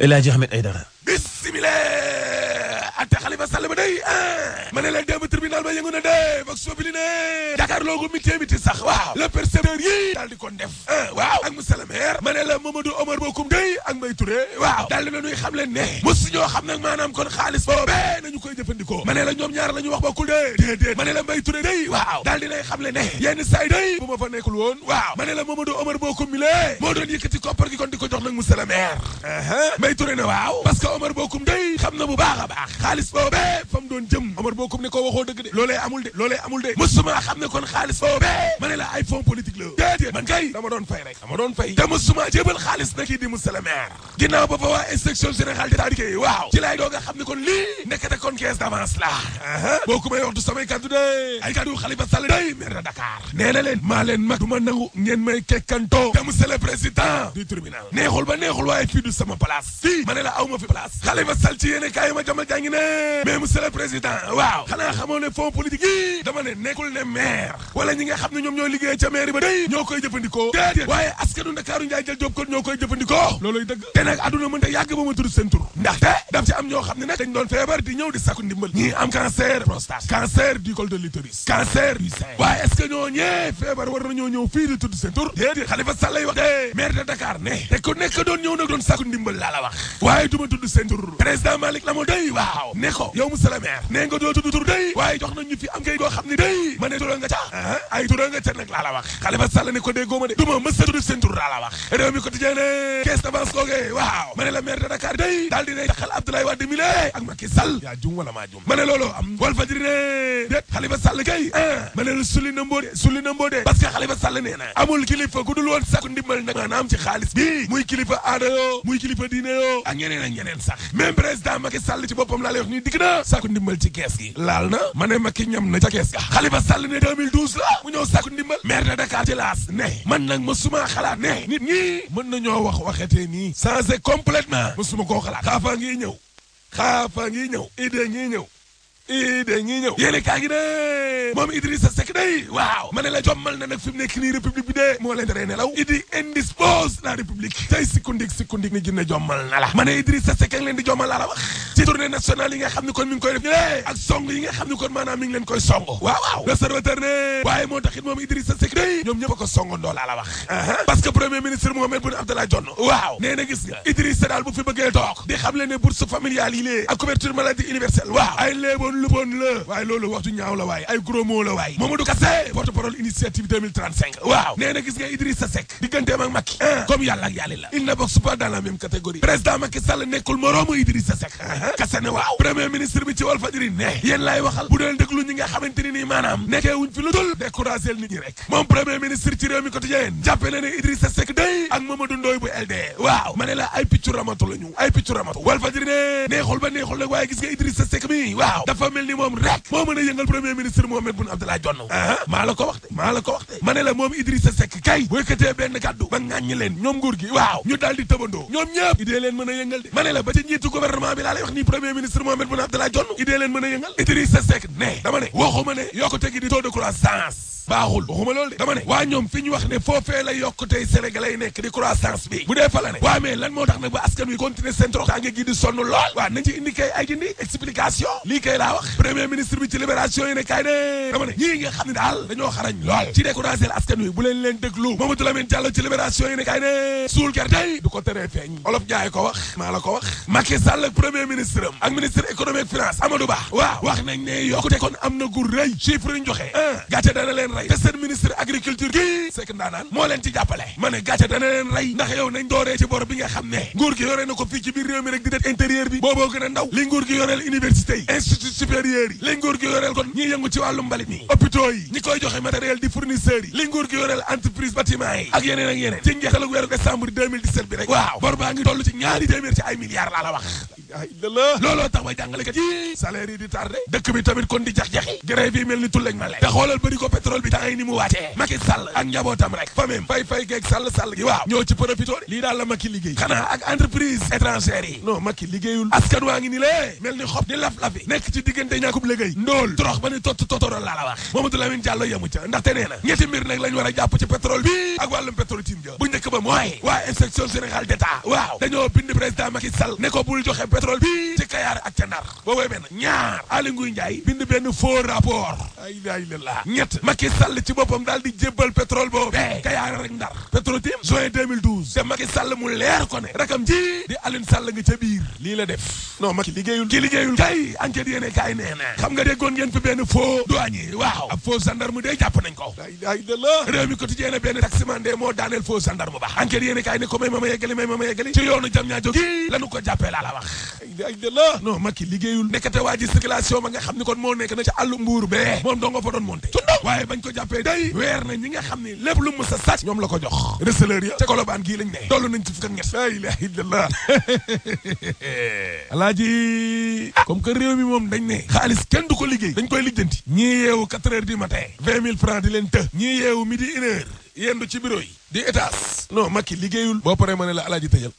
الى جهه من اي درجه بسم الله atte Khalifa Sall ba day a eh. ma ne leen démb tribunal ba yëngu na de vox populi ne Dakar loogu miti miti sax waaw le percepteur yi daal di kon def a eh, waaw ak monsieur le maire ma la Mamadou Omar Bokum day ak Mbaye Touré waaw daal di na nuy xam leen ne mosu ñoo xam nag maanaam kon xaalis boobe nañu koy jëfandikoo ma ne la ñoom ñaar la ñu wax bokkul de déedéet ma ne la Mbaye Touré day waaw daal di nay yenn saay day bu ma fa nekkul woon waaw ma ne la Mamadou Omar Bokum mi lée moo doon yëkkati koppar gi kon di ko jox nag monsieur le maire Mbaye Touré ne waaw parce que Omar Bokum day xam na bu baax a baax xaalis boobee fa mu doon jëm Omar boo comme ne ko waxoo dëgg de loolee amul de loolee amul de musuma xam ne kon xaalis boobee ma ne la ay fonds politique la déedéet man kay doon fay rek dama doon fay te musuma jébal xaalis na kii di monsieur le maire fa waa inspection générale d'état di koy waaw ci doog a xam ne kon lii nekkate kon caisse d'avance la boo ko may du samay kaddu de ay kaddu Khalifa Sall day maire de nee na leen maa leen mag du ma nangu ngeen may kekkantoo te monsieur le président du tribunal neexul ba neexul waaye fii du sama place ma ne la aw ma fi place Khalifa Sall ci yéene ma jamal jàngi loolee mais monsieur le président waaw xanaa xamoo ne fonds politique yi dama ne nekkul ne maire wala ñi xam ne ñoom ñoo liggéey ca maire ba day ñoo koy jëfandikoo déedéet waaye askanu Ndakaaru njaay jël job kon ñoo jëfandikoo looloy dëgg te nag mën te yàgg ba ma tudd seen tur ndaxte daf ci am ñoo xam ne nag dañ feebar di ñëw di sakku ndimbal am cancer prostate cancer du col de l'utérus cancer du sein waaye est-ce feebar war la wax waaw ne ko yow monsieur le maire nee nga doo tudd tur day waaye jox nañ ñu fi am kay goo xam ne day ma ne turóo nga ca ah, ay turóo nga ca nag laa la wax Khalifa Sall ne ko dee góoma de du ma mës a tudd seen tur laa la wax réew mi quotidien ne caisse d'avance googee waaw ma la maire de day daal di ne taxal Abdoulaye Wade mi lee ak Macky Sall yaa jum wala maa jum ma ne wal fajri ne déet Khalifa Sall kay a ah. ma ne la sulli de sulli na de parce que Khalifa nee na lay wax ni dikk na sàkku ndimbal ci kees gi laal na ma ne Macky ñam na ca kees ga Khalifa Sall ne 2012 la mu ñëw sàkku ndimbal maire de Dakar ci laas ne man nag ma suma xalaat ne nit ñi mën na ñoo wax waxetee nii changé complètement ma suma koo xalaat xaafaa ngi ñëw xaafaa ngi ñëw idée ngi ñëw idée ñii ñëw yéene kaa gi de moom Idrissa Seck day waaw ma la jommal na nag fi nekk nii république bi de moo leen daree nelaw idi indispose la république tey sikkundik sikkundik ni jinne jommal na la ma ne Idrissa Seck a ngi leen di jommal la la wax ci tournée nationale yi nga xam ne kon mi koy def ñile ak song yi nga xam ne kon maanaam mi leen koy song waaw waaw l'observateur ne waaye moo taxit moom Idrissa Seck day ñoom ñëpp a ko songandoo laa la wax le ne bourse familiale yi lée ak couverture lu bon la waaye loolu waxtu ñaaw la waaye ay gros mots la waaye Mamadou Kassé porte parole initiative waaw nee gis nga Idrissa Seck digganteem ak Macky ah, comme yàlla ak yàlla la il ne boxe pas dans la même catégorie président Macky Sall nekkul moroomu Idrissa Seck ah, Kassé ne waaw premier ministre bi ci Walfadjri ne yéen laay waxal bu deen déglu ñi nga xamante ni maanaam nekkee wuñ fi lu dul découragé nit ñi rek moom premier ministre ci réew moom rek moo mën yëngal premier ministre Mohamed Boun Abdallah Dionne uh-huh. maa la ko wax de maa la ko wax de ma ne la moom Idrissa Seck kay boykatee benn kàddu ba ŋàññi ñoom nguur gi waaw ñu daal di ñoom ñëpp idée leen yëngal de ma la ba ci njiitu gouvernement bi laa lay wax premier ministre Mohamed Boun Abdallah Dionne idée leen yëngal Idrissa Seck ne dama ne waxuma ne yokkute gi di taux croissance baaxul waxuma loolu de dama ne waa ñoom fi wax ne foofee yokk tey sénégalais yi nekk di croissance bi bu dee fa ne waa mais lan moo tax nag ba askan wi continuer seen troxtaange gi di sonn lool waa nañ ci indi ay jindi explication lii laa wax premier ministre bi ci libération yi ne kay ne dama ne ñii nga xam ne daal dañoo xarañ lool ci découragé askan wi bu leen leen déglu Mamadou Lamine Diallo ci libération yi ne kay ne suul ker waaw wax nañ ne yokkute kon am na gu rëy chiffre ñu joxe gàcce rey te seen ministre agriculture gi Seck Ndanane moo leen ci jàppale ma gàcce dana leen rey ndax yow nañ dooree ci bor bi nga xam ne nguur gi yoree na ko fii ci biir réew mi rek di det intérieur bi booboo gën a ndaw li nguur gi yoreel université yi institut supérieur yi li nguur gi yoreel kon ñiy yëngu ci wàllu mbalit mi hôpitaux yi ñi koy joxe matériel di fournisseurs yi li nguur gi yoreel entreprise bâtiment yi ak yeneen ak yeneen ci njeextalu weeru décembre 2017 looloo tax ba jàngalekat yi salaire yi di tardé dëkk bi tamit kon di jax-jaxi grève mel ni tulleeg ma te xoolal bëri ko pétrole bi taxay ni mu wàccee Macky Sall ak njabootam rek fa même fay fay geeg Sall Sall gi waaw ñoo ci profitoor lii daal la Macky liggéey xanaa ak entreprise étrangère yi non Macky liggéeyul askan waa ngi ni lee mel ni xob di laf-lafi nekk ci diggante ñaakub liggéey ndóol torox ba ni tott totoral laa la wax Mamadou Lamine Diallo yemu ca a ba mooy waa inspection générale d'état waaw dañoo bind président Macky Sall ne ko bul joxe pétrole bii ci Kayaar ak ca Ndar boobooy benn ñaar Aly Ngouille bind benn faux rapport ay laay la ñett Macky Sall ci boppam daal di jébbal pétrole boobu eh. Kayaar rek Ndar pétrole tim juin 2012 te Macky Sall mu leer ko ne rakam ji di Alioune Sall nga ca biir lii la def non Macky liggéeyul ki liggéeyul kay enquête yéene kaay nee na xam ko ay laay benn taximan de baax enquête yéen kaay ne ko may ma ma yeggali may ma ma yeggali ci yoonu jam ñaa jógi lanu ko jàppee laa wax ak de la non Macky liggéeyul nekkate waa ji circulation ma nga xam ni kon moo nekk na ci àllu mbuur bee moom donga fa doon monté tunda waaye bañ ko jàppee day weer na ñi nga xam ni lépp lu mu ñoom la ko jox receleur ya ca kolobaan gii lañ ne toll nañ ci fukk ak ñett la ilaha alaaji comme que réew mi moom dañ ne xaalis kenn du ko liggéey dañ koy lijjanti ñii yeewu quatre heures du matin vingt di leen të ñii yendu ci bureau yi di étage non Macky liggéeyul boo paree ma ne la alaaji tëjal